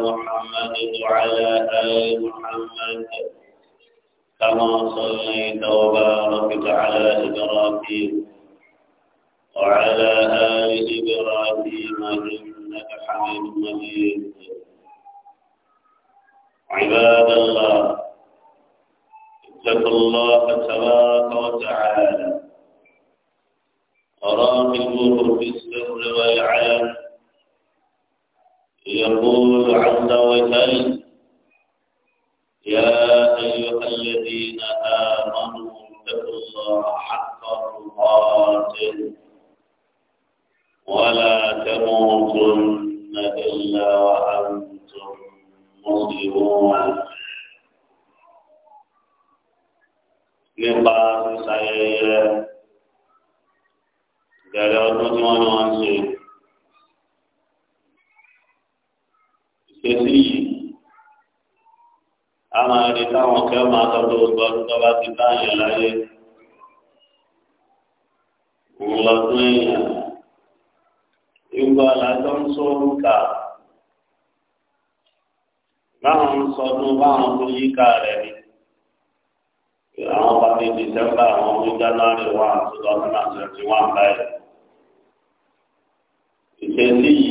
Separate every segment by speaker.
Speaker 1: محمد وعلى آل محمد
Speaker 2: كما صليت وباركت على إبراهيم
Speaker 1: وعلى آل إبراهيم إنك حميد مجيد عباد الله اتقوا الله تبارك وتعالى وراقبوه في السر والعلن يقول عز وجل يا أيها الذين آمنوا اتقوا الله حق تقاته ولا تموتن إلا وأنتم مسلمون لقاء ṣayẹyẹ قالوا ọdún tí ṣe a máa rí táwọn kẹ́ máa sọ gbogbo ọdún tó bá ti báyìí láyé òun lọ́dún èèyàn ìgbà làjọ ń sọ orúkà báwọn ń sọdún báwọn tó yíká rẹ̀ ni àwọn pàtó dìsẹ́mbà àwọn ọmọ january one two thousand and twenty one báyìí. ìṣesí yìí.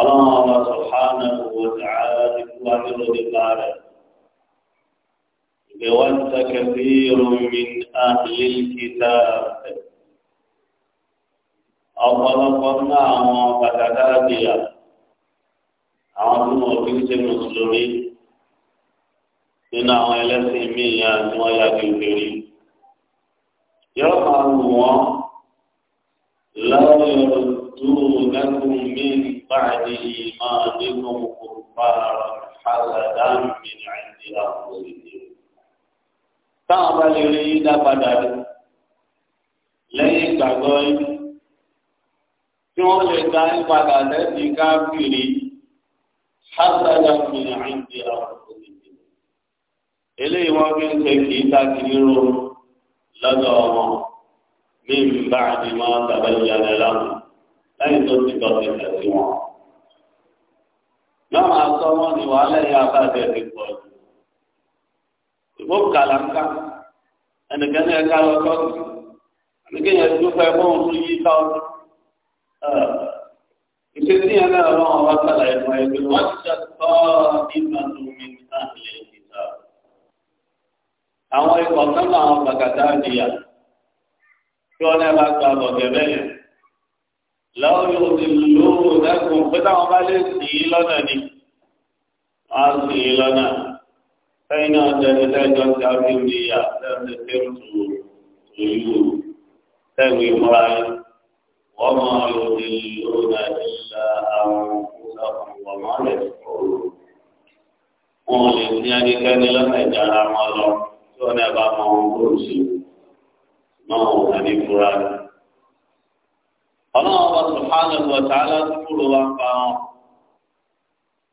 Speaker 1: ọlọ́run ọba sọ̀hánà owó tààrà ti kú akérò nípa rẹ̀. بود كثير من أهل الكتاب أطلقنا وفتداتيا àwọn òbí ṣe mùsùlùmí nínú àwọn ẹlẹ́sìn míì yá ni wọ́n yá kékeré yóò máa wù wọ́n láwọn yóò لكم من بعد إيمانكم كفارا حسدا من عند أنفسكم táwọn bá lè rí yídá padà rí lẹ́yìn ìgbàgbọ́ yìí tí wọ́n lè dá yín padà lẹ́sìn káfíìrì hásàdà mìíràn àìdí àwọn òṣèlú. eléyìí wọ́n fi ń ṣe kì í káàkiri ro lọ́dọ̀ wọn mí ń bá àdìmọ́ tàbí ìyàlẹ́ láwọn lẹ́yìn tó ti dọ̀tí ilẹ̀ sí wọn. Yọ́n máa sọ wọ́n ní wàhálà yìí abájẹ́ ti pọ̀ jù. Ìbò kàlàńkà ẹnìkan ní ẹ̀ka lọ sọ́ọ̀tì. Ẹnìkan yẹn tó fẹ́ fún òun yí sọ́ọ̀tì. Ìṣesí yẹn náà lọ́wọ́ wá sàlà ẹ̀fọ́ ẹgbẹ́ wọ́n ti ṣe sọ́ nígbà tó mi ní àlẹ́ ìta. Àwọn ikọ̀ sọ́nà àwọn bàkàtà àdìyà tí wọ́n náà bá gba ọ̀gẹ̀ bẹ́ẹ̀ lọ́wọ́ yóò ti lóòrò dẹ́kun pé táwọn bá lè sì í lọ́nà ni wọ́n á sì í lọ́nà sẹ́yìn náà jẹ́ni lẹ́jọ́ ti ábíyù ní ìyá lẹ́nu tí ó tù lóyún o sẹ́yìn ìmúra yìí wọ́n máa yóò ti lóòrò ìlà àwọn òkúta wọ́n máa lè sọ̀rọ̀ wọn lè ní ẹnikẹ́ni lọ́nà ìjára wọn lọ tí wọ́n náà bá mọ ohun tó ń ṣe náà wọ́n ní fúra yìí ọlọ́run ọba sùhánù ọ̀tá aládùúgbò wa ń pa wọn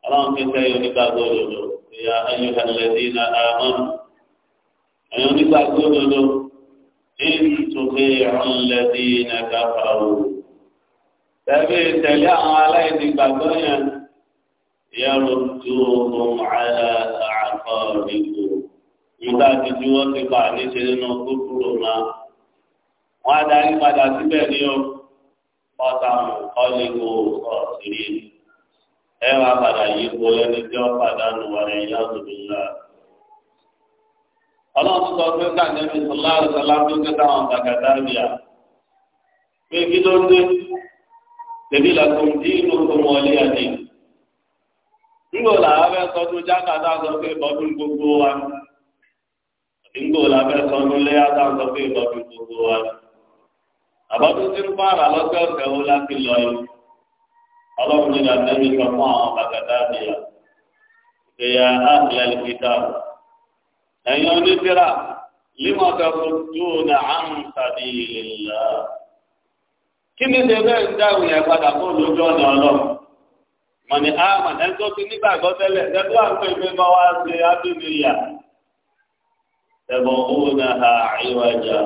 Speaker 1: ọlọ́run fi sẹ́yìn onígbàgbọ́ òdodo ìyá ẹ̀yìn ẹ̀lẹ́dì náà mọ́nù ẹ̀yìn onígbàgbọ́ òdodo ẹ̀yìn tuntun ẹ̀lẹ́dì náà káfàá wò. tẹ̀lé tẹ̀lé àwọn aláìní gbàgbọ́ yẹn ìyá rotu ohun àlà àkọ́ ìgbò nígbà tí wọ́n ti bá a níṣe nínú kúkúrò náà wọ́n á padà síbẹ̀ ní ọkọ̀. ọ̀tà ọ̀lẹ́gbò ọ̀sìrì ẹ wá padà yípo lẹ́ni tí wọ́n pàdánù wọn ẹ̀yà òdòdó ọlọ́run sọ pé káàdẹ́mí pé kí ló dé tèmi tí inú àbọ̀dún tí ń pààrà lọ́sẹ̀ ọ̀sẹ̀ wo láti lọ yìí ọlọ́run ní àtẹ́bí sọ fún àwọn bàgàdà àbíyà ìgbéyà àbíyà lìkítà ẹ̀yin onídìrà límọ̀tà tuntun ní àǹtàdì ìlà kí ni dèbẹ́ ń dáhùn yẹn padà fún olójú ọ̀nà ọlọ́run mọ̀nì àmà ẹ̀ tó ti nígbàgbọ́ tẹ́lẹ̀ ẹ̀dọ́ àpò ìgbé bá wá ṣe ábìnrin yà ẹ̀bùn òun náà àìwájà.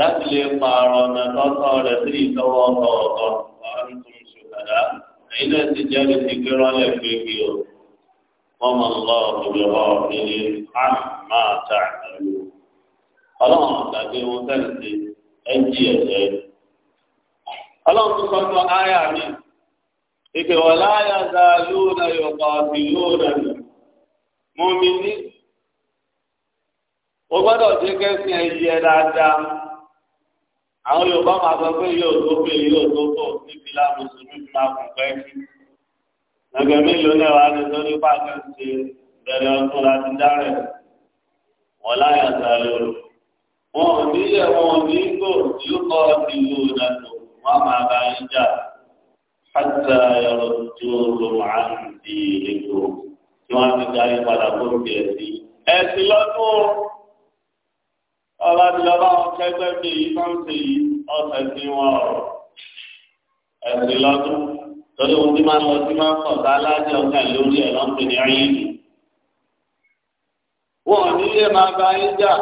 Speaker 1: láti lè pààrọ̀ ọ̀nà tọ́tọ́ rẹ̀ sí ìtọ́wọ́ ọ̀tọ̀ọ̀tọ̀ àwọn ìkùn ṣùgbọ́dá èyí náà ti jẹ́rìí sí pé rọ́lẹ̀ gbégi o wọ́n mọ̀ ọlọ́run wọn ẹ̀jẹ̀ ọlọ́run tó sọ fún mi ìpè wọ́n láyà ní. o gbọ́dọ̀ kẹ́sìn dáadáa. àwọn Yorùbá máa sọ pé yóò tó pé yóò tó tó níbi láàbùsùn mi fi máa kún pẹ́ sí. ẹgbẹ́ mélòó náà wà ní sọ́ni pàṣẹ ṣe bẹ̀rẹ̀ ọdún láti dárẹ̀ wọ́n láyà sáré o. wọn ò ní yẹ wọn ò ní gbò yóò kọ́ ìlú ìdàgbò wọn máa bá yín jà hàtà ẹ̀rọ tó lò máa ń di èkó tí wọ́n á darí padà kó ń sí. ẹ̀sìn lọ́dún ọba ti lọ́ba wọn kẹgbẹ́ bí èyí tó ń ṣe yìí ọ̀sẹ̀ sí wọn ọ̀rọ̀ ẹ̀sìn lọ́dún lórí ohun tí máa ń lọ sí máa ń pọ̀ sí aláàjì ọ̀gá lórí ẹ̀ lọ́n pè ní ayélu. wọn ò ní máa bá yín jà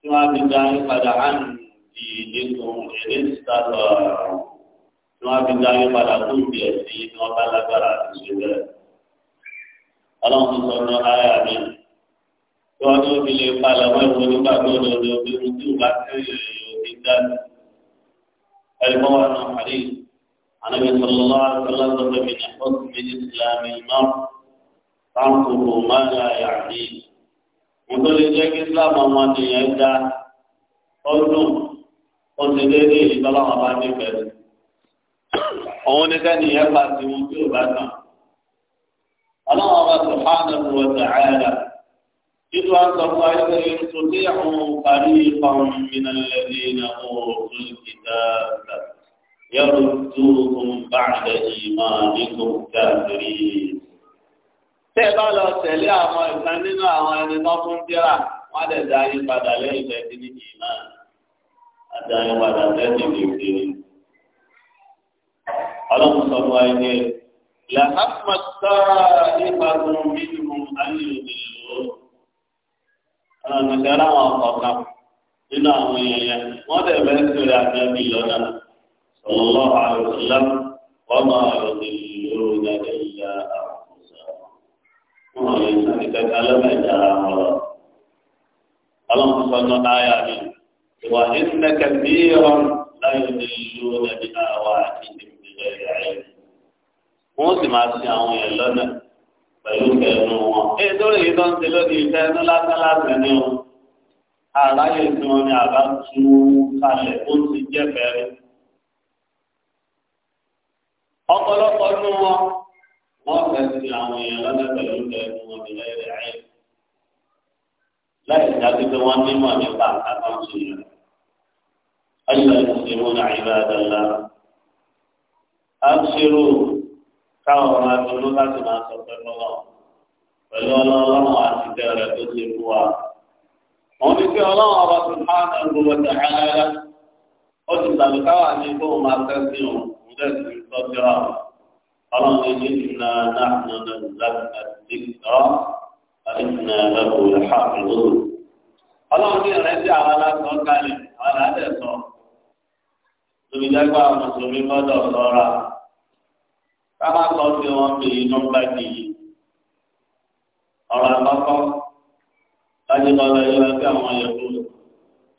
Speaker 1: tí wọn fi da yín padà hàn di ètò èdè títà lọ tí wọn fi da yín padà tó bí ẹ̀sìn yìí ni wọn lágbára àti ṣe bẹ́ẹ̀. ọlọ́run sọ ní ayé àmì tí wọn ní òbí lè palẹ̀ wọn ìwọ nígbà tó lọ lọ bí wọn tí ò bá tẹ̀lé òbí dání. ẹ̀rí mọ́ wọn náà àlè ànábi sọlọ́lá sọlá sọlá mi nà ọ́ sì méjì sílámì náà táǹkù kò má ń la lè jẹ́ kí islam ọmọ nìyẹn dá ọdún oṣù déédéé ìtọ́lá wọn bá ní bẹ̀rẹ̀. òun ní kẹ́niyẹn bá ti tí ò bá tán. ọlọ́run ọba sọ̀hánà ló wọ̀ sàáyà إذ أنت قائل إن تطيعوا فريقا من الذين أوتوا الكتاب يردوكم بعد إيمانكم كافرين tẹ́ẹ̀bá lọ tẹ̀lé àwọn ìkan nínú àwọn ẹni tó fún tíra wọ́n lè darí padà lẹ́yìn tẹ́tí ní ìmọ̀ àdarí padà tẹ́tí kékeré. ọlọ́run sọ fún wa ní ẹ̀ làhàmàtà ìpàgọ́ mímú ayélujára. ọ̀nàmọ̀tẹ́ láwọn ọkọ̀ kan nínú àwọn èèyàn yẹn wọ́n dẹ̀ bẹ́ẹ̀ sórí àtẹ́bí lọ́nà sọ̀rọ̀ àròsílá wọ́n máa rọ̀dì lórí ìdájọ́ ìyá àkùsọ̀
Speaker 2: wọn lè sáré kankan lọ́mẹ̀dá ọ̀rọ̀
Speaker 1: ọlọ́mọsọ́nà náírà mi ìwà ìsinmi kẹfìrọ̀ láyé lórí ìdájọ́ àwọn àti ìdìbò ìgbẹ̀rẹ̀ ayé wọ́n sì máa sin àwọn èèyàn lọ́nà pẹ̀lú kẹnu wọn. Ee sórí yìí tó ń ṣe lóde ìfẹ́ ẹnu lásán lásán ni o. Àráyè tí wọn ni àbá tú kalẹ̀ ó ti jẹ́ bẹ̀rẹ̀. Ọ̀pọ̀lọpọ̀ nú wọn, wọ́n fẹ́ àwọn èèyàn lọ́nà pẹ̀lú kẹnu wọn ní lẹ́yìn ayé. Láì dájú pé wọ́n nímọ̀ nípa àtàkùn ìṣẹ̀lẹ̀. Ayé ìṣẹ̀lẹ̀ wọn àyè bá dàgbà. Àṣírò. táwọn ọmọ ẹgbẹ́ láti máa sọ pẹ̀lú ọlọ́run pẹ̀lú ọlọ́run àti bẹ̀rẹ̀ tó ṣe fún wa. wọ́n ní kí ọlọ́run ọba tó máa ń tẹ̀lé gbogbo ẹ̀jẹ̀ ó tàbí ọlọ́run ní ní náà láti láti káwá sọ pé wọ́n pè é nọ́mbà kejì ọ̀rọ̀ àkọ́kọ́ láti lọ lọ yọrọ sí àwọn yẹ̀kú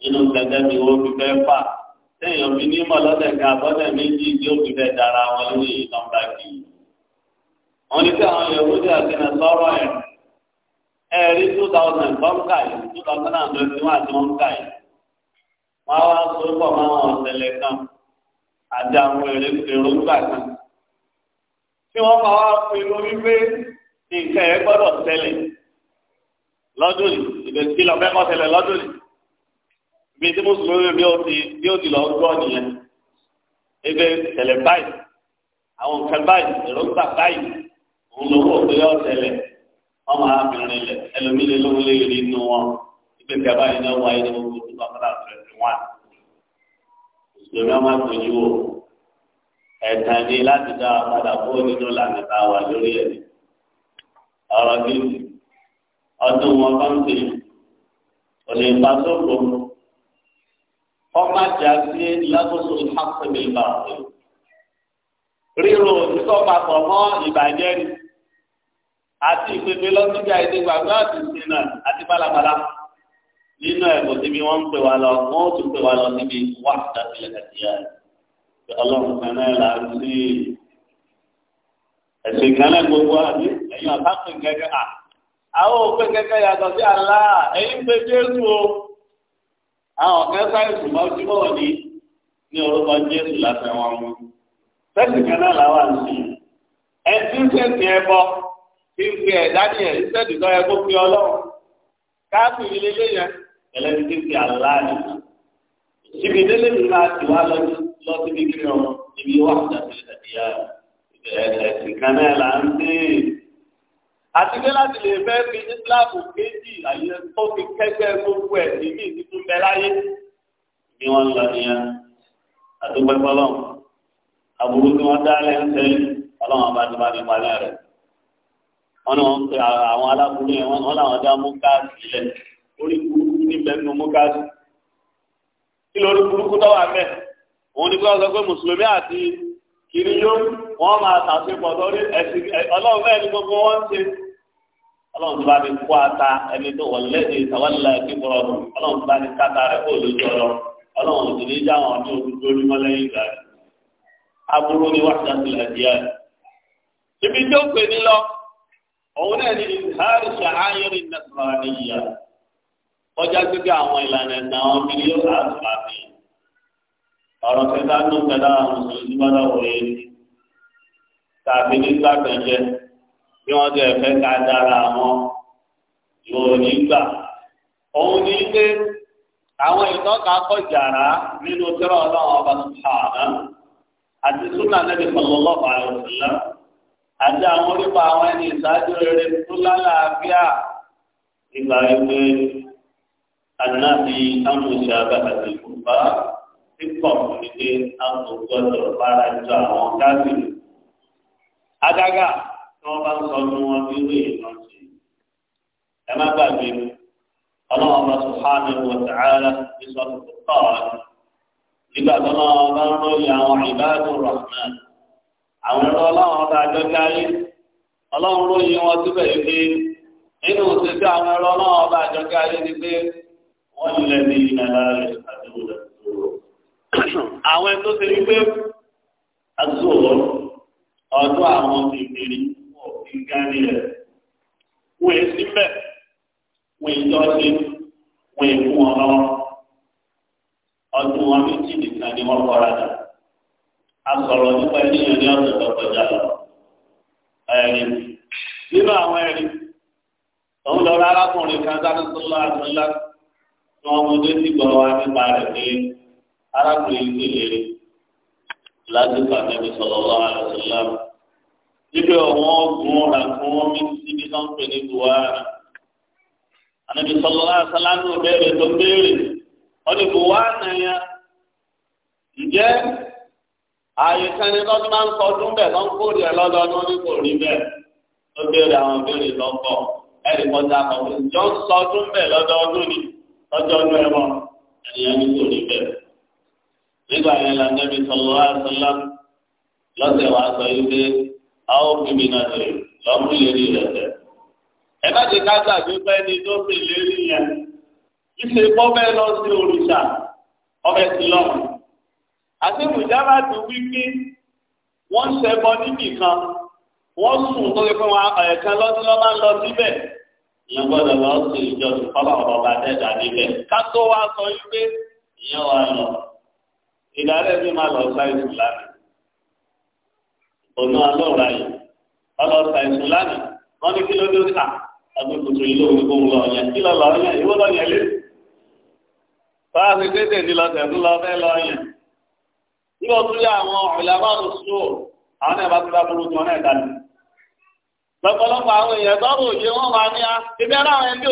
Speaker 1: nínú gẹ́gẹ́ bí wọ́n fi fẹ́ fà téèyàn fi ní mọ̀lọ́dẹ̀ kan àbọ̀dẹ̀ méjì tí ó fi fẹ́ dára wọn lórí nọ́mbà kejì. wọ́n ní kí àwọn yẹ̀kú dé àtẹnà sọ́rọ̀ ẹ̀ ẹ̀rí two thousand bọ́ǹkà yìí two thousand and twenty one àti bọ́ǹkà yìí wọ́n á wá sọ́kọ̀ máa wọn ọ̀sẹ̀lẹ̀ kan àti àwọn èrè èròǹgbà kan tí wọ́n máa wá pinnu wípé nǹkan ẹ̀ gbọ́dọ̀ ṣẹlẹ̀ lọ́dún yìí ìdẹ̀sí lọ fẹ́ kọ́ ṣẹlẹ̀ lọ́dún yìí bí tí mùsùlùmí bí ó ti bí ó ti lọ gbọ́ nìyẹn ebe ṣẹlẹ̀ báyìí àwọn nǹkan báyìí èròǹgbà báyìí òun ló wò pé ó ṣẹlẹ̀ wọ́n máa bìnrin lẹ̀ ẹlòmílẹ̀ lówó lè rí inú wọn ìgbésẹ̀ báyìí náà wáyé ní gbogbo tó
Speaker 2: bá fẹ́
Speaker 1: ẹ̀tàn ni láti dá wa padà kó nínú lànà tá a wà lórí ẹ̀ ọ̀rọ̀ kejì ọdún wọn bá ń pè é òní ìbásòkò ọmọ àjà sí lágbóso ìhàpẹ̀lẹ̀ ìbàwọ̀ ríro òtítọ́ papọ̀ mọ́ ìbàjẹ́ ni àti ìpèpè lọ́sídìí àìdígbàgbọ́ àti ìsinà àti bálabàlá nínú ẹ̀kọ́ síbi wọ́n ń pè wá lọ wọ́n ó tún pè wá lọ síbi wà dásílẹ̀ kàtíyà rẹ̀ ọlọ́run kan náà là ń sí ẹ̀sìn kan náà gbogbo àbí ẹ̀yin ọ̀tá pè gẹ́gẹ́ à àwọn òpin gẹ́gẹ́ yàtọ̀ sí àlá ẹ̀yin pé jésù o àwọn kan sáyẹ̀sì máa jímọ̀ ní ní orúkọ jésù láti wọn mú sẹ́sì kan náà làwọn à ń sí ẹ̀sìn sẹ́sì ẹ̀bọ kí n fi ẹ̀dá ní ẹ̀ sẹ́sì tó yẹ kó fi ọlọ́run káàkiri lélẹ́yìn ẹlẹ́ni tí fi àlá nìkan lọ síbi kí ni ọ ibi wà láti ẹ̀yà ẹ̀sìn kan náà là ń sìn. àti pé láti lè fẹ́ fi islam kéjì àyè tó fi kẹ́gbẹ́ gbogbo ẹ̀ níbi ìdíkùn bẹ láyé bí wọ́n ń lọ nìyẹn àdúgbò ẹgbọ́lọ́ àbúrú tí wọ́n dá lẹ́ńtẹ́ ọlọ́run bá ti bá ní palẹ́ rẹ̀ wọ́n ní wọ́n pe àwọn aláburú yẹn wọ́n làwọn dá múkáàsì lẹ̀ orí burúkú níbẹ̀ nínú múkáàsì kí lórí burúkú tó wà mẹ́ẹ̀. òun ni pé wọ́n pé mùsùlùmí àti kiri yó wọ́n máa lórí ẹ̀sìn ọlọ́run bẹ́ẹ̀ ni gbogbo wọn ń ṣe ọlọ́run bá ní kó ata ẹni tó wọ̀ lẹ́sìn ìtawálẹ̀ kíkọ́rọ̀ ọlọ́run bá ní káta rẹ̀ kó lójú ọ̀rọ̀ ọlọ́run tó ní já wọn ní ojú tó rímọ́ lẹ́yìn ìgbà rẹ̀ aburú ni wàá ibi ọ̀rọ̀ kẹta ń dùn kẹta àwọn mùsùlùmí bá dáwọ̀ yé tàbí nígbà kẹjẹ bí wọ́n ti ẹ̀fẹ́ ká dára wọn yóò nígbà. òun ní pé àwọn ìtọ́ka kọjàrá nínú tẹ́rọ ọlọ́run ọba sàánà àti súnà nẹ́bí sallallahu alaihi wasallam àti àwọn orípa àwọn ẹni ìsáájú rere tó lálàáfíà ìgbà ìwé ànábì amòṣe abẹ́hàtì kùbá tí kọ̀ọ̀kan ní agbègbè bára jọ àwọn káàkiri. Adága tí wọ́n bá ń sọ fún wọn bí wọ́n yìí lọ sí. Ẹ má gbàgbé ọlọ́run bá subhanahu wa ta'ala ní sọ́dún tó kọ́ ọ nígbà tó náà bá ń lóye àwọn ìbáàdùn rahman àwọn ẹ̀rọ ọlọ́run bá jọ káyé ọlọ́run lóye wọn síbẹ̀ yìí pé nínú òṣèlú àwọn ẹ̀rọ ọlọ́run bá jọ káyé ni pé wọ́n lè ní ìlànà rẹ̀ àdúgbò àwọn ẹni tó ṣe wípé azọ ọ̀dọ̀ àwọn bèbèrè wọn ò fi gánì rẹ wọn è síbẹ̀ wọn è lọsí wọn è fún ọ lọ́wọ́ ọdún wọn méjì nìkan ni wọn kọra dà asọ̀rọ̀ nípa ènìyàn ní ọ̀sẹ̀ tó kọjá lọ ẹni nínú àwọn ẹni òun lọ rárá kan sáré sọlá àtúnlá tí wọn mú dé sí gbọwọ nípa rẹ pé arákùnrin ní ìlérí lásìkò àtẹ̀bí sallallahu alaihi wasallam. níbẹ̀ wọ́n gun ra fún wọn síbi tó ń pè ní buhari. àtẹ̀bí sallallahu alaihi wasallam ní òbẹ̀rẹ̀ tó béèrè wọ́n ní buhari náà yá. ǹjẹ́ ààyè sẹ́ni lọ́dún máa ń kọ ọdún bẹ́ẹ̀ tó ń kórè ẹ̀ lọ́dọọdún ní kò rí bẹ́ẹ̀ tó béèrè àwọn béèrè lọ́kọ̀ ẹ̀rì kọjá kan jọ ń sọ ọdún bẹ́ẹ̀ lọ́dọọdún ni lọ́jọ́ ọdún ẹ̀wọ̀n ẹ̀yẹ́ ní kò nígbà yẹn la nẹ́bi sọlọ àṣọlá lọ́sẹ̀ wa sọ yìí pé a ó bíbí náà ṣe lọ́mú lérí rẹ̀ tẹ̀. ẹ má ti ká gbàgbé pẹ́ ni tó fi lérí yẹn ìṣe pọ́fẹ́ lọ sí òrìṣà ọbẹ̀ sí lọ́mù. àti mùjábà ti wí pé wọ́n ṣẹbọ níbì kan wọ́n sùn tó lè fún wa ẹ̀ẹ̀kan lọ́sí lọ́ máa ń lọ síbẹ̀ ìyẹn gbọ́dọ̀ lọ sí ìjọsìn fọlọ́ọ̀rọ̀ bá dẹ́ta níbẹ̀ ká tó wá sọ yìí pé ìyẹn wà lọ àárẹ̀ bí máa lọ sa ìsùn lánàá ọ̀nà alọ́ọ̀rọ̀ ayé ọlọ́ọ̀sà ìsùn lánàá wọ́n ní kí ló dé ká àgbẹ̀ kòtò yìí lóhùn kó ń lọ ọ̀yàn kí lọ lọ ọ̀yàn ìwọ lọ yẹn lé báwa fi tètè ní lọ tẹ̀sùn lọ fẹ́ lọ yẹn yóò tún yá àwọn ọ̀làmọ́ àlùsùn àwọn ẹ̀bá tó bá burú tí wọ́n náà dání lọ́pọ̀lọpọ̀ àwọn èèyàn tọrọ òye wọn máa ní a ebi àwọn ẹbí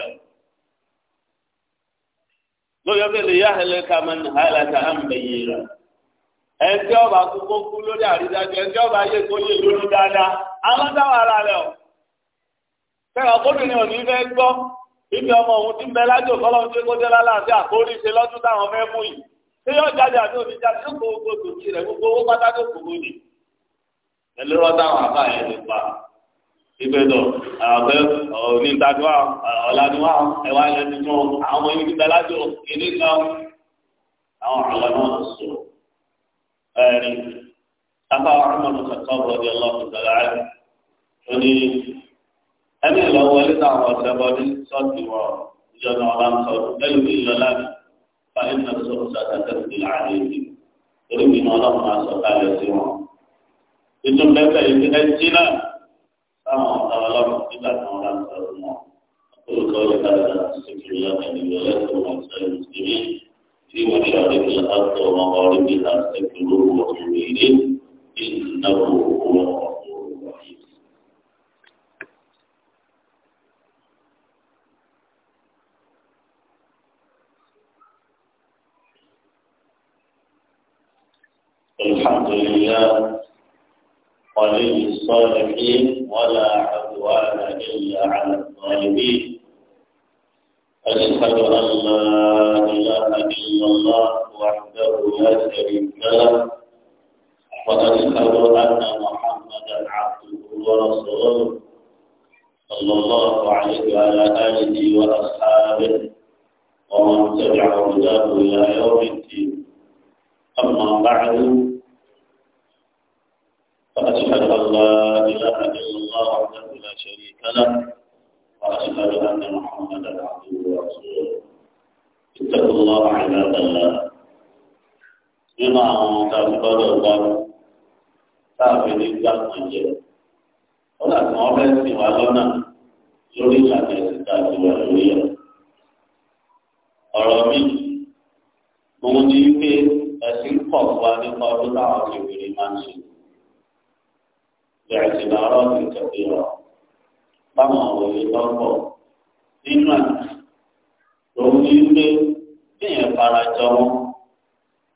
Speaker 1: òkú lórí ọbẹ̀ ya ya ẹlẹ́ ká máa ń ha ẹ̀ka á ń bẹ̀ yé rà ẹ̀ńtí ọba kúkú kú lórí àrídájú ẹ̀ńtí ọba yé kó yé lórí dáadáa aláǹdáwọ̀ ara rẹ̀ o kẹ́rọ kóbìnrin ò ní fẹ́ gbọ́ ibi ọmọ òun ti ń bẹ lájò kọ́lọ́hún tí kó dé lálàáfíà àkórí ṣe lọ́dún táwọn fẹ́ mú yìí yóò jáde àti rẹ̀ gbogbo owó pátákó ìgbẹ́dọ̀ àbẹ onítàdúrà ọ̀làdúrà ẹ̀wà ẹ̀lẹ́ni mọ́ àwọn ọmọ yìí nígbà lájọ ilé kan àwọn àlọ́nà sọ ẹ̀rín sábà ọ̀rọ̀mọ̀nà kàkọ́ bọ̀dé ọlọ́run tẹ̀lé ààrẹ ó ní ẹni ìlọ́wọ́ ilé táwọn ọ̀sẹ̀ bọ́dé sọ́ọ̀tì wọ̀ ìjọba ọba ń sọ ẹlòmí ìlọ́lá mi fáyé náà sọ̀rọ̀ sàtàkẹ́ táwọn ọ̀tá ọlọ́run nígbà táwọn ọ̀rá ń sọ̀rọ̀ mọ́ olùkọ́ ìgbà ìdàgbàsókè lọ́kàdì wọlé tó wọn sọ̀rọ̀ mùsùlùmí tí wọ́n ṣàlẹ̀ kí lọ́kà tó wọn ọ̀rí bí lásìkò lóru ọ̀rọ̀ ìdí ìnáwó owó
Speaker 2: الحمد لله
Speaker 1: ولي الصالحين ولا عدوان إلا على الظالمين أشهد أن لا fara jọ wọn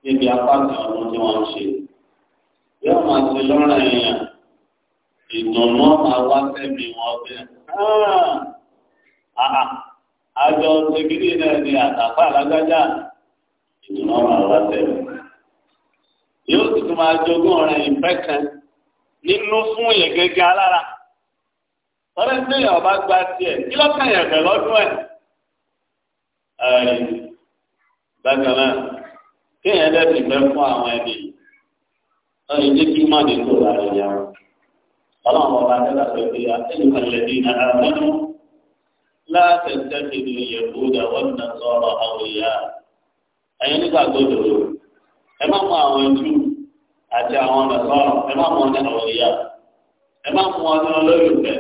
Speaker 1: níbi apákan ọdún tí wọ́n ń ṣe. Yóò máa ti lọ́rùn èèyàn ìdùnnú máa wá sẹ́mi wọn bẹ́ẹ̀. Àjọ ṣègídì náà ni àtàkọ́ àlágbájá ìdùnnú máa wá fún alára. gba tiẹ̀ kí lọ́kàn yẹn fẹ́ lọ́dún ẹ̀. bákan náà kéèyàn lẹ́sìn fẹ́ fún àwọn ẹni wọ́n lè jẹ́ kí má lè tó láàrin yá ọlọ́run ọba tẹ́lá pé pé àtẹ́lẹ́ pẹ̀lẹ́dì náà mẹ́nu látẹ̀tẹ̀ kìlú ìyẹ̀kú dàwọ́n náà sọ̀rọ̀ àwòyá ẹ̀yin nígbà gbọ́dọ̀ ẹ má mú àwọn ẹjú àti àwọn ọ̀nà sọ̀rọ̀ ẹ má mú ọ̀nà àwòyá ẹ má mú ọ̀nà olóyùnfẹ́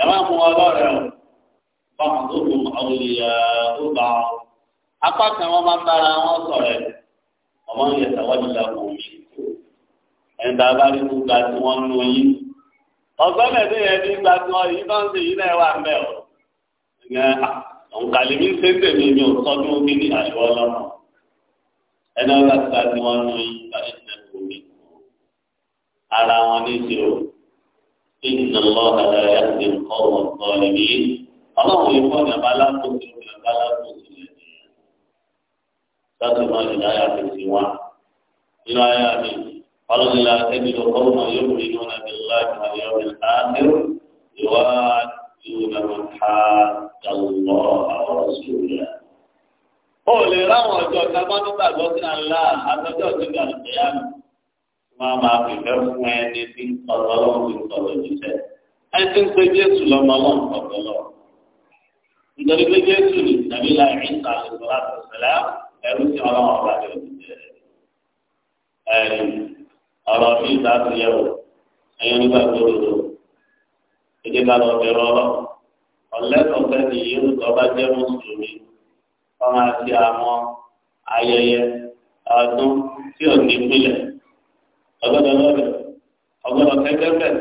Speaker 1: ẹ má mú ọlọ́rẹ̀ apá kan wọn máa ń bára wọn sọ̀rọ̀ ẹ̀ ọmọ ń yẹ sàwọn ìlà kò mí ẹni tá a bá rí gbogbo àti wọn ń lo yín ọgbọ́n mẹ́tẹ́ yẹn ní gba tí wọn yìí bá ń ṣe yìí náà wà mẹ́ ọ ẹ̀ òǹkàlì mi ń ṣe mi ò tọ́jú mi ní àṣọ ọlọ́mọ ẹni wọn bá gba tí wọn ń lo yín bá ṣe kò mí ara wọn ní ṣe o inna allah la yahdi al-qawma adh-dhalimin ọlọ́run yìí fọ́ọ̀nù àbálá láti máa lè láyà tètè wá. Nínú ayé mi, ọlọ́run la tẹ́bi lọ kọ́ ọmọ yóò rí inú nàbí láti máa yọ ọmọ ìtàkùn ìwà ìlú nàbí ká dàlọ́ àwọn sùúrù. Ó lè ráwọn ọjọ́ ká bá tó gbàgbọ́ sí àlá àtọ́jọ́ sí gbàgbé àná. Máa máa fìfẹ́ fún ẹni tí ọ̀rọ̀ ọlọ́run ti sọ̀rọ̀ jíṣẹ́ ẹrú sí ọlọ́run ọba ní òtítọ́ ẹ̀rí ọ̀rọ̀ bí ìta ti yẹ wò ẹ̀yọ́ nígbà tó lòdò èdè bá lọ bẹ̀rù ọlọ́ ọ̀lẹ́sọ̀ fẹ́ni yìí tó bá jẹ́ mùsùlùmí wọ́n máa ṣe àwọn ayẹyẹ ọdún tí ò ní pìlẹ̀ ọgbọ́dọ̀ lọ́bẹ̀ ọgbọ́dọ̀ kẹ́kẹ́ bẹ̀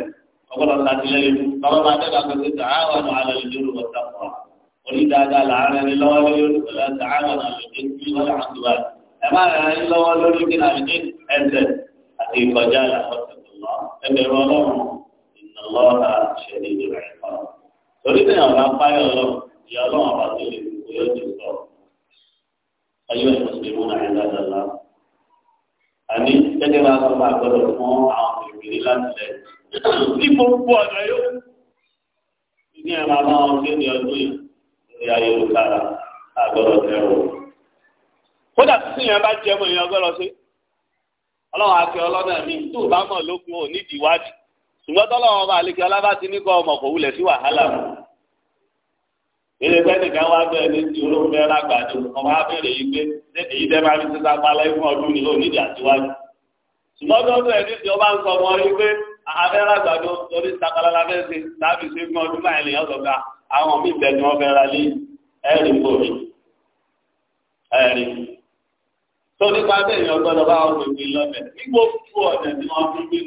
Speaker 1: ọgbọ́dọ̀ sàtìlẹ́yìn bàbá máa dẹ́gbàá pẹ̀lú tààwọn àlọ́ ìdúró ọ̀tàkùnrin. onídàájá làárín ẹni lọ́wọ́ lórí olùkọ́lá ti àwọn àlùkò tí wọ́n yà tó báyìí. ẹ má rẹ̀ ẹni lọ́wọ́ lórí kí nàá ní ẹsẹ̀ àti ìkọjá làkọ́sẹ̀ tó lọ ẹgbẹ̀rún ọlọ́run ìnáwó àṣẹlẹ̀ ìjọba ẹ̀kọ́. torí ní ọ̀rọ̀ apáyọ̀ ọlọ́run ìyá ọlọ́run ọba tó lè kó yóò ti sọ. ayé ìmùsùlùmí náà ẹ̀ dáadáa àní gẹ́gẹ́ bá sọ bá gbọ́dọ̀ fún àwọn ìrírí láti lẹ̀ ní gbogbo ọ̀nà yóò ní ẹ̀ máa bá wọn gbé ní ọdún yìí ìyá yóò sára àgọ́dọ̀ tẹ̀rù. kódà tí èèyàn bá jẹ́ mọ̀ èèyàn gbọ́dọ̀ sí ọlọ́run àti ọlọ́nà mi tó bá mọ̀ lókun ò nídìí wádìí ṣùgbọ́n tọ́lọ́wọ́n bá àlekè ọlá bá ti ní kọ́ ọmọ kò wulẹ̀ sí wàhálà mọ́. ilé sẹ́nìkan wá bẹ́ẹ̀ ní ti olóhùn bẹ́ẹ̀ lágbàdo ọmọ abẹ́rẹ́ yìí pé èyí tẹ́ máa fi sísá palẹ́ fún ọdún ni ó nídìí àtiwájú. ṣùgbọ́n tọ́jú ẹ̀ ní ti ọba ń sọ ọmọ rí pé abẹ́rẹ́ àgbàdo torí sakala la fẹ́ ṣe láti ṣe fún ọdún láì lè yọ àwọn míì bẹ́ẹ̀ ni wọ́n fẹ́ ra lé ẹ̀rí bòrí ẹ̀rí. tó nípa bẹ́ẹ̀ ni ọgbọ́dọ̀ bá wọn pèpè lọ́bẹ̀ nígbò fún ọ̀dẹ̀ tí wọ́n fi gbé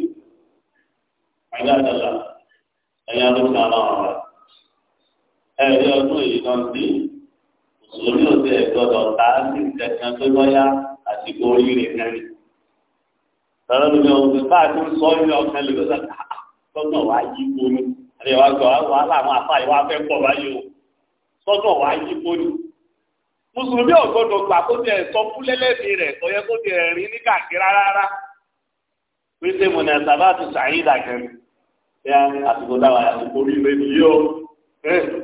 Speaker 1: ẹ̀yà dọ̀là ẹ̀yà ló ń sàrà ọ̀rọ̀ ẹ̀rí ọdún èyí kan sí mùsùlùmí ò sí ẹ̀gbọ́dọ̀ tá a sì kẹ̀kẹ́ pé bọ́yá àsìkò oríire kẹrin. sọ̀rọ̀ mi ò fi bá a ti ń sọ ọ́ ní ọ̀kẹ́ lè àti ìwà gbọ́ wàhálà àwọn afá ìwà afẹ́ pọ̀ báyìí o sọ́dọ̀ wàá yí bóni mùsùlùmí ọ̀gbọ́dọ̀ gbà kó tiẹ̀ sọ fúlẹ́lẹ́bí rẹ̀ kò yẹ kó tiẹ̀ rí ní kàkiri rárá pété mo nà sábà ti sàyìn dàgẹ̀rì bí a àsìkò dáwà àsìkò rí lé nìyí o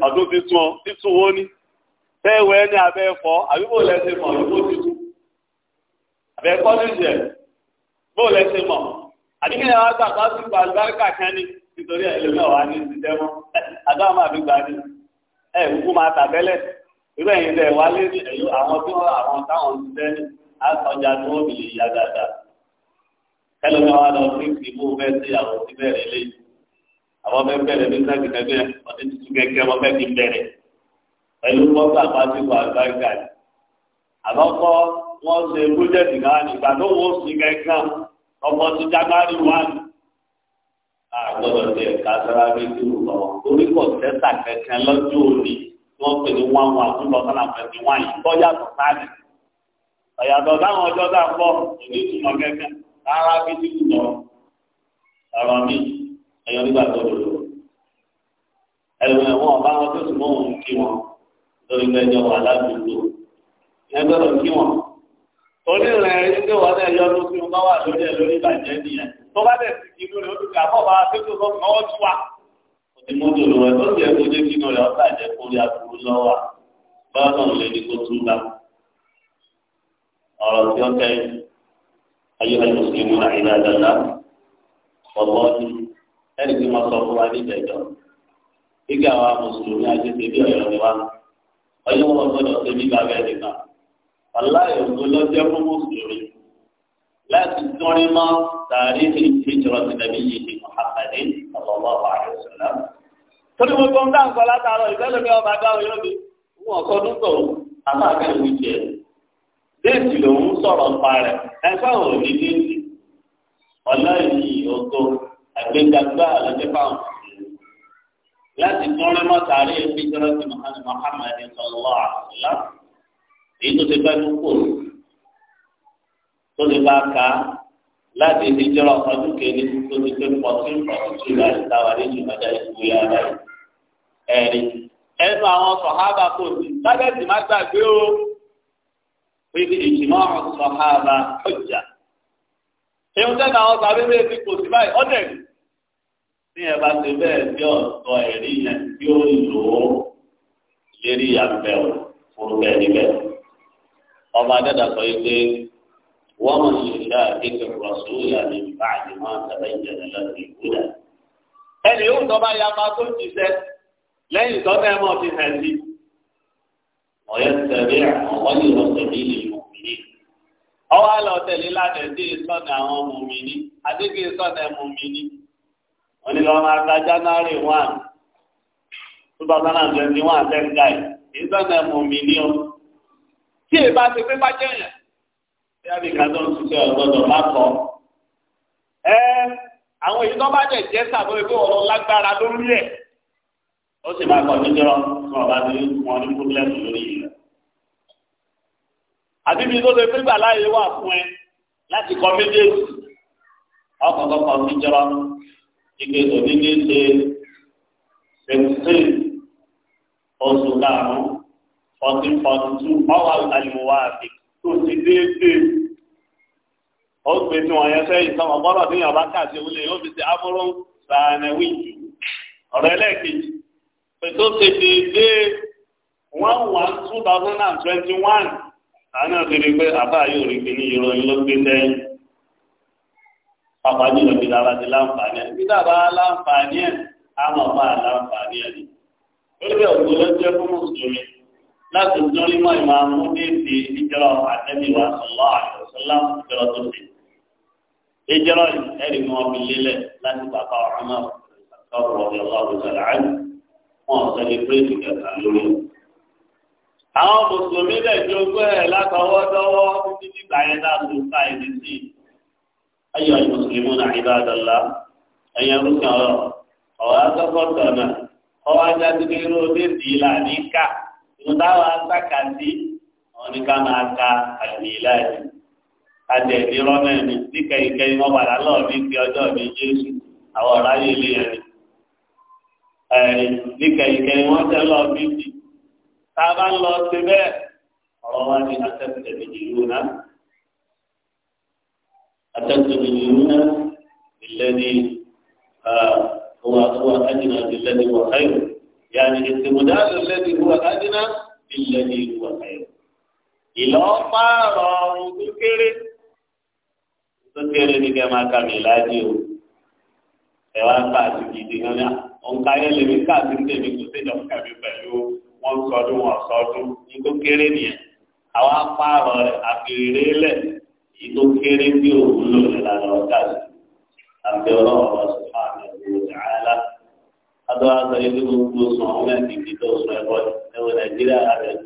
Speaker 1: ọdún titun ọ titun wo ni bẹ́ẹ̀ wẹ́ ní abẹ́ fọ́ àbí bò lẹ́sẹ̀ mọ̀ àbí bò titun abẹ́ kọ́ ní ìjẹ́ bò lẹ́sẹ̀ mọ̀ àdìgbìyànjú àgbà bá ti gbà àlùbáríkà kan ni nítorí ẹlòmí ọ̀wá ní ìṣiṣẹ́ mọ́ àdó àwọn àbí gbani ẹ kúkú máa tàbẹ́lẹ̀ irú ẹ̀yin lẹ̀ wá lé ẹ̀yọ àwọn tí wọ́n àwọn táwọn ń ṣiṣẹ́ ní àtọ́jà tí wọ́n bìlẹ̀ yá dáadáa ẹlòmí ọ̀wá lọ sí ìbò fẹ́ sí àwọn tí bẹ̀rẹ̀ lé àwọn fẹ́ bẹ̀rẹ̀ ní sẹ́ẹ̀kì kẹ́kẹ́ ọdún tuntun kẹ́kẹ́ wọn fẹ́ kí bẹ̀rẹ̀ pẹ̀lú pọ́ńtà pàṣípò àgbáríkà àlọ́kọ́ wọ́n ṣe púrọ́jẹ́tì náà nígbà tó wọ́n sì kẹ́kẹ́ ọkọ̀ àgbọ̀dọ̀ tẹ̀ kásárá bí dúró lọ torí kò tẹ́tà kankan lọ́jọ́ òní tí wọ́n pè ní wọ́n wọn àtúntò ọ̀sán àfẹ́ ní wọ́n yìí bọ́yá tó sáàdì ọ̀yàtọ̀ táwọn ọjọ́ dà pọ̀ òní ìtumọ̀ kankan rárá bí dúró lọ ọ̀rọ̀ mi ẹ̀yọ́ nígbà tó lòlò ẹ̀wọ̀n ẹ̀wọ̀n ọba wọn tó sì mọ̀ òun kí wọn lórí ẹjọ́ wà ládùúgbò ẹgbẹ́rún kí wọn torí rẹ̀ tó bá dẹ̀ sì kí inú rẹ̀ ó dùn àbọ̀ bá tètè tó kàn ọ́ tù wá. ó ti mú dòdò rẹ̀ tó tiẹ̀ kó dé kí inú rẹ̀ ó bàjẹ́ kó rí aburú lọ́wọ́ báwọn lè ní kó tún bá. ọ̀rọ̀ tí ó tẹ́ ayé ẹ̀ mùsùlùmí ni wa ọyọ́ wọn gbọ́dọ̀ tẹ́bí bàbá ẹ̀ nìkan. aláìyọ̀ ló lọ́jọ́ fún mùsùlùmí láti dúnrín mọ́ tààrí ní ìjọba ti dàbí yìí ní Muhammadu sallallahu alaihi wasallam. torí gbogbo ń dáhùn kọ́lá tààrọ̀ ìfẹ́lẹ́ mi ọba dáhùn yóò bí wọn kọ́ dúpọ̀ àbáàkà ìwé jẹ. déètì lòun sọ̀rọ̀ pa rẹ̀ ẹgbẹ́ òun ní déètì ọ̀la ìyìn ògo àlọ́jẹ́ fáwọn láti dúnrín mọ́ tààrí ìjọba ti Muhammadu sallallahu alaihi wasallam èyí tó ti fẹ́ dúpọ̀ tó lè bá ka láti ìdíjọ́ ọdún kìíní tó ti pé fourteen forty láti táwa ní ìjùmọ̀já ìlú ya báyìí. ẹnu àwọn sọ̀hábà kò sí má gbàgbé o ìjìmọ̀ sọ̀hábà ọjà. àwọn ti kò sí báyìí ọ̀dẹ̀ ẹ bá ti bẹ́ẹ̀ bí ọ̀sọ̀ ẹ̀rí yẹn tí ó lò ó lérí àbẹ̀wò fún bẹ́ẹ̀ ومن يشاكك الرسول من بعد ما تبين له الهدى ẹni yóò tọ́ bá ya máa tó jíṣẹ́ lẹ́yìn tó náà mọ̀ fi hàn sí.
Speaker 2: ọ̀yẹ́ tẹ̀lé àwọn
Speaker 1: ní ìrọ̀tẹ̀lé ìlú mùmíní. ọwọ́ àlọ́ tẹ̀lé ládẹ̀ sí ìsọ̀nà àwọn mùmíní àdéhùn ìsọ̀nà mùmíní.
Speaker 2: wọ́n ní lọ́wọ́ máa january one
Speaker 1: two thousand and twenty one ten guy ìsọ̀nà mùmíní o. tí èèbá ti pé bá jẹ́yàn bí abika tó ń ṣiṣẹ́ ọ̀gbọ́dọ̀ má kọ́. ẹ àwọn èyí tó bá jẹ jẹ sàbọ ìgbé ọ̀rọ̀ lágbára lórí ẹ̀ ó sì máa kọ́ jíjọ́ fún ọba ní wọn ní pọ́blẹ́mù lórí yìí. àbí mi tó ṣe pígbà láàyè wà fún ẹ láti kọ́ méjèèjì ọkọ̀ọ̀kọ̀ kọ́ jíjọ́ ike òdíje ṣe sèkúsèé oṣù karùn-ún fourteen forty two ọwọ́ àlùwà àti tó ti déédéé ó gbé tí wọn yẹn sẹ́yìn sọmọ gbọ́dọ̀ tí yàrá káàsì wọlé yóò fi ṣe afúró sàánẹwì jù ọ̀rọ̀ ẹlẹ́ẹ̀kejì pẹ̀tọ́ ṣe déédéé one one two thousand and twenty one àná ti rí pé àbá yóò rí kíní ìròyìn ló gbé lẹ́yìn pàpà jùlọ bí dára ti láǹfààní ẹ̀ bí dára láǹfààní ẹ̀ á mọ̀ bá a láǹfààní ẹ̀ ni. ó lè ọ̀gbọ́n ló jẹ́ fún mùsùlùmí láti dúrí mọ́ ìmọ̀ àmúdéèdè ìjọra àtẹ́bí wa sọ̀lá àlùsọ́lá ìjọra tó ṣe. ìjọra ẹ̀rí mọ́ mi lélẹ̀ láti bàbá ọ̀hánà ọ̀rọ̀ ọ̀rẹ́ ọ̀làwọ̀ ìṣẹ̀lẹ̀ àjù wọn ò sẹ́ni pírẹ́sì kẹta lórí. àwọn mùsùlùmí lè jogún ẹ̀ látọwọ́dọ́wọ́ títí nígbà yẹn láti ká ìdí sí i. ayé wa mùsùlùmí náà ìbádọ́lá ẹ̀yẹ rúkàn ọ̀rọ̀ ọ̀rọ̀ ìgbà wa gbàkà sí àwọn ní ká máa ka àlùmílá yìí adé ní rọ́nà ẹni ní kẹ́yìnkẹ́yìn wọn padà lọ́ọ̀ ní ti ọjọ́ mi jésù àwọn ọ̀rá yìí lé ẹni ẹ̀rì ní kẹ́yìnkẹ́yìn wọn tẹ́ lọ́ọ̀ bíbí tá a bá ń lọ sí bẹ́ẹ̀ ọ̀rọ̀ wa ní atẹ́kùtẹ̀ méjì yìí wò náà atẹ́kùtẹ̀ méjì yìí wò náà ìlẹ́ni ọ̀wọ́ àtúwọ̀ ajínà ìlẹ́ni wọ̀ ẹ́yìn. يعني استمداد الذي هو أدنى للذي هو خير إلى طار ذكر ذكر لك ما كان يلاجئ ẹwà ká àti gidi gan ní ọ̀nka yẹn lè mi ká àti tèmi kò sí ìjọba mi pẹ̀lú wọn sọdún wọn sọdún ní tó kéré nìyẹn àwọn apáàrọ̀ àfìrèrè lẹ̀ ní kéré bí òun lò ní lànà ọ̀gá àti ọlọ́wọ́ adọ́wà sọ yìí tó gbogbo sùn àwọn náà ti di tó sùn ẹ̀kọ́ ẹ̀wọ̀ nàìjíríà rẹ̀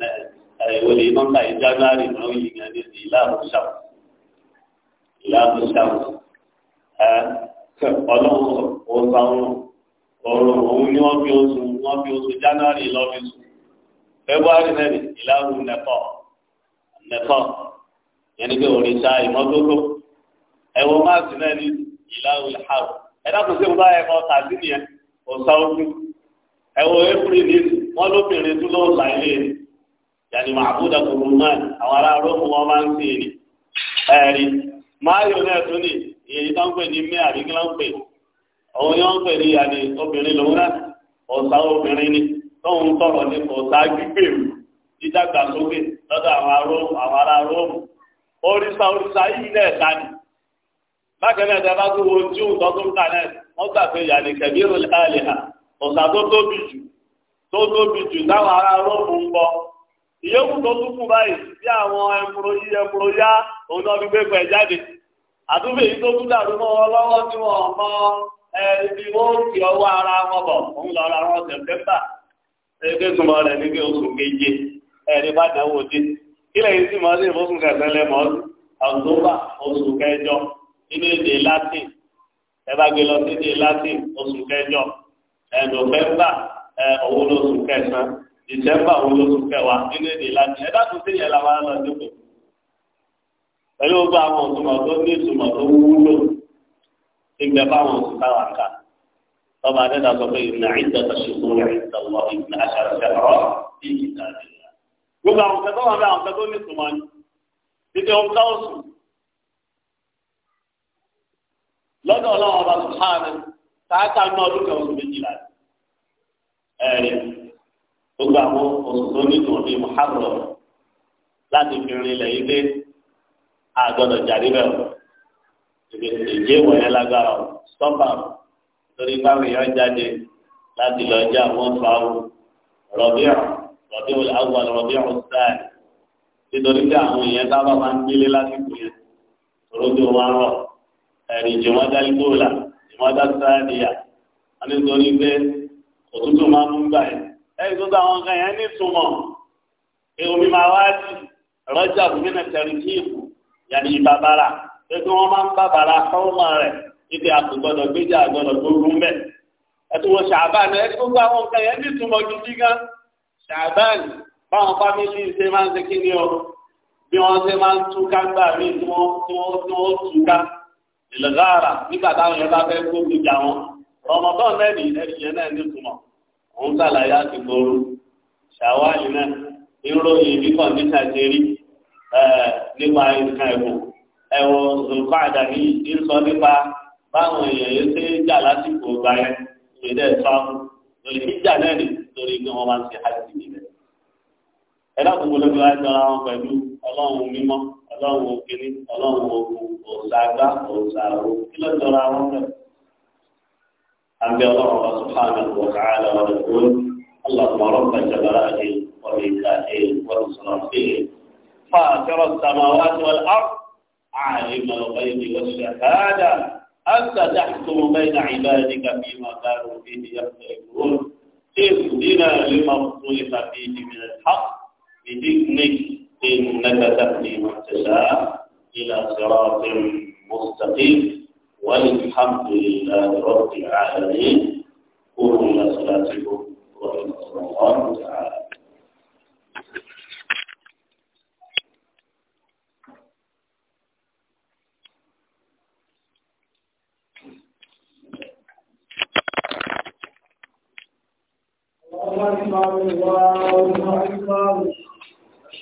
Speaker 1: ẹ̀wọ̀ lè má kà í january náà yìí gan ní ti ìlà àbúṣà ìlà àbúṣà ẹ ọlọ́run ọ̀sán ọ̀rọ̀ òun ni wọ́n fi oṣù wọ́n fi oṣù january lọ́ fi sùn february náà ni ìlà àbúṣà nẹ̀kọ́ nẹ̀kọ́ yẹn ni pé òrìṣà ìmọ́tótó ẹ̀wọ̀ máàsì náà ni ìlà àbúṣà ẹ̀dá kò sí ìmúbáyẹ̀kọ́ tàbí nìyẹn. ọ̀sá ẹ̀wọ̀ éprìlì wọn lóbìnrin tó lọ́wọ́ láyé ilé màbúdà tó rún náà àwọn ará rómù wọn máa ń sìn ní ẹ̀rí máyò náà ní èyí tó ń pè ní mẹ́à kílá ń pè òun ni ń pè ní yàtọ̀ obìnrin lòun náà ni tóun tọrọ ní dídàgbàsókè lọ́dọ̀ àwọn ará yìí náà bákan náà wọ́n gbà pé yàrá kẹ̀míìrù àlìhà ọ̀sà tó tóbi jù tó tóbi jù táwọn ará róòmù ń bọ ìyókù tó tún kù báyìí bí àwọn ẹmúro yí ẹmúro yá òun náà fi gbé pẹ̀ jáde àtúbẹ̀ yìí tó tún dàrú mọ́ wọn lọ́wọ́ tí wọ́n mọ ibi wọ́n fi ọwọ́ ara wọn bọ̀ òun lọ́ọ́ ra wọn sẹ̀pẹ́mbà ẹgbẹ́ túnbọ̀ rẹ̀ ní bí oṣù méje ẹ̀rí bá dáwọ́ dé kílẹ̀ yìí sì mọ́ sí ìfọ́sùn kẹsẹ̀ lẹ́mọ́ ọdún oṣù kẹjọ nínú èdè latin ẹ bá gbé lọ sí ní láti oṣù kẹjọ ẹ nọ́fẹ̀mbà ẹ òun lóṣù kẹsàn dìsẹ́mbà òun lóṣù kẹwàá nínú èdè láti ẹ dákun sí yẹn làwọn ará lọ pẹ̀lú gbogbo àwọn òṣùmọ̀ tó ní ìṣùmọ̀ tó wúlò ìgbẹ́ fáwọn òṣùmọ̀ táwọn àká ọba adẹ́ta sọ pé ìrìnà ìdẹ́ta ṣùgbọ́n rẹ̀ ìtàlọ́ ìrìnà àṣàrà ṣẹ̀rọ̀ bí gbogbo àwọn kẹtọ́ wọn bẹ àwọn kẹtọ́ ní ìṣùmọ̀ ni lọ́dọ̀ ọlọ́run ọba sùhánù káàkà ní ọdún kan oṣù méjìlá ẹ̀rí gbogbo àwọn oṣù tó nínú ọdún muhammed láti fi rin ilẹ̀ yìí dé àgọ́dọ̀ jàdí bẹ́ẹ̀ ìgbésẹ̀ ìwọ̀nyẹn lágbára sọ́pà torí báwọn èèyàn jáde láti lọ jẹ́ àwọn fáwọn rọ̀bíọ̀ rọ̀bíọ̀ àwọn rọ̀bíọ̀ sáà nítorí pé àwọn èèyàn sábà máa ń gbélé lásìkò yẹn tòrójú wọn rọ̀ ẹ̀rí jùmọ́dá gbóòlà jùmọ́dá sáàdìyà a ní sọ ní pé òtútù máa ń gbà ẹ̀ ẹ̀rí tó dáwọn nǹkan yẹn ní ìtumọ̀ pé omi máa wá sí rọ́jà gómìnà tẹ̀rìkìpù yàní ìbàbàrà pé kí wọ́n máa ń bàbàrà fọ́ọ̀mù rẹ̀ ibi àtúgbọ́dọ̀ gbéjà àgbọ́dọ̀ gbógun bẹ̀ ẹtù wọ ṣàbáàni ẹni gbogbo àwọn nǹkan yẹn ní ìtumọ̀ gidi gan ṣàbáàni báwọn fámìlì ìlẹ̀gára nígbà táwọn yẹn bá fẹ́ gbógun jà wọn rọmọdọ́n náà ní ẹ̀rí yẹn náà ní ìtumọ̀ òun sàlàyé àtìgbòrò ṣàwáyé náà ìròyìn bí kọ̀ǹdíṣà ṣe rí nípa nǹkan ẹ̀wọ̀n ẹ̀wọ̀n nǹkan àdàní ń sọ nípa báwọn èèyàn yẹn ṣe ń jà lásìkò ọgbà yẹn lè dẹ́ sọ́ọ̀mù lórí jíjà náà ní lórí pé wọ́n máa ń ṣe àìsí nílẹ̀. ẹ ọlọ́run òkèrè ọlọ́run òkun òsàgbà òsàrò kí ló jọra wọn bẹ̀. àbí ọlọ́run wa subhanahu wa ta'ala wa rasul اللهم رب جبرائه وميكائيل وإسرافيل فاطر السماوات والأرض عالم الغيب والشهادة أنت تحكم بين عبادك فيما كانوا فيه يختلفون اهدنا لما اختلف فيه من الحق بإذنك إنك تهدي من تشاء إلى صراط مستقيم والحمد لله رب العالمين قولوا إلى صلاتكم ورحمة الله تعالى الله أكبر الله أكبر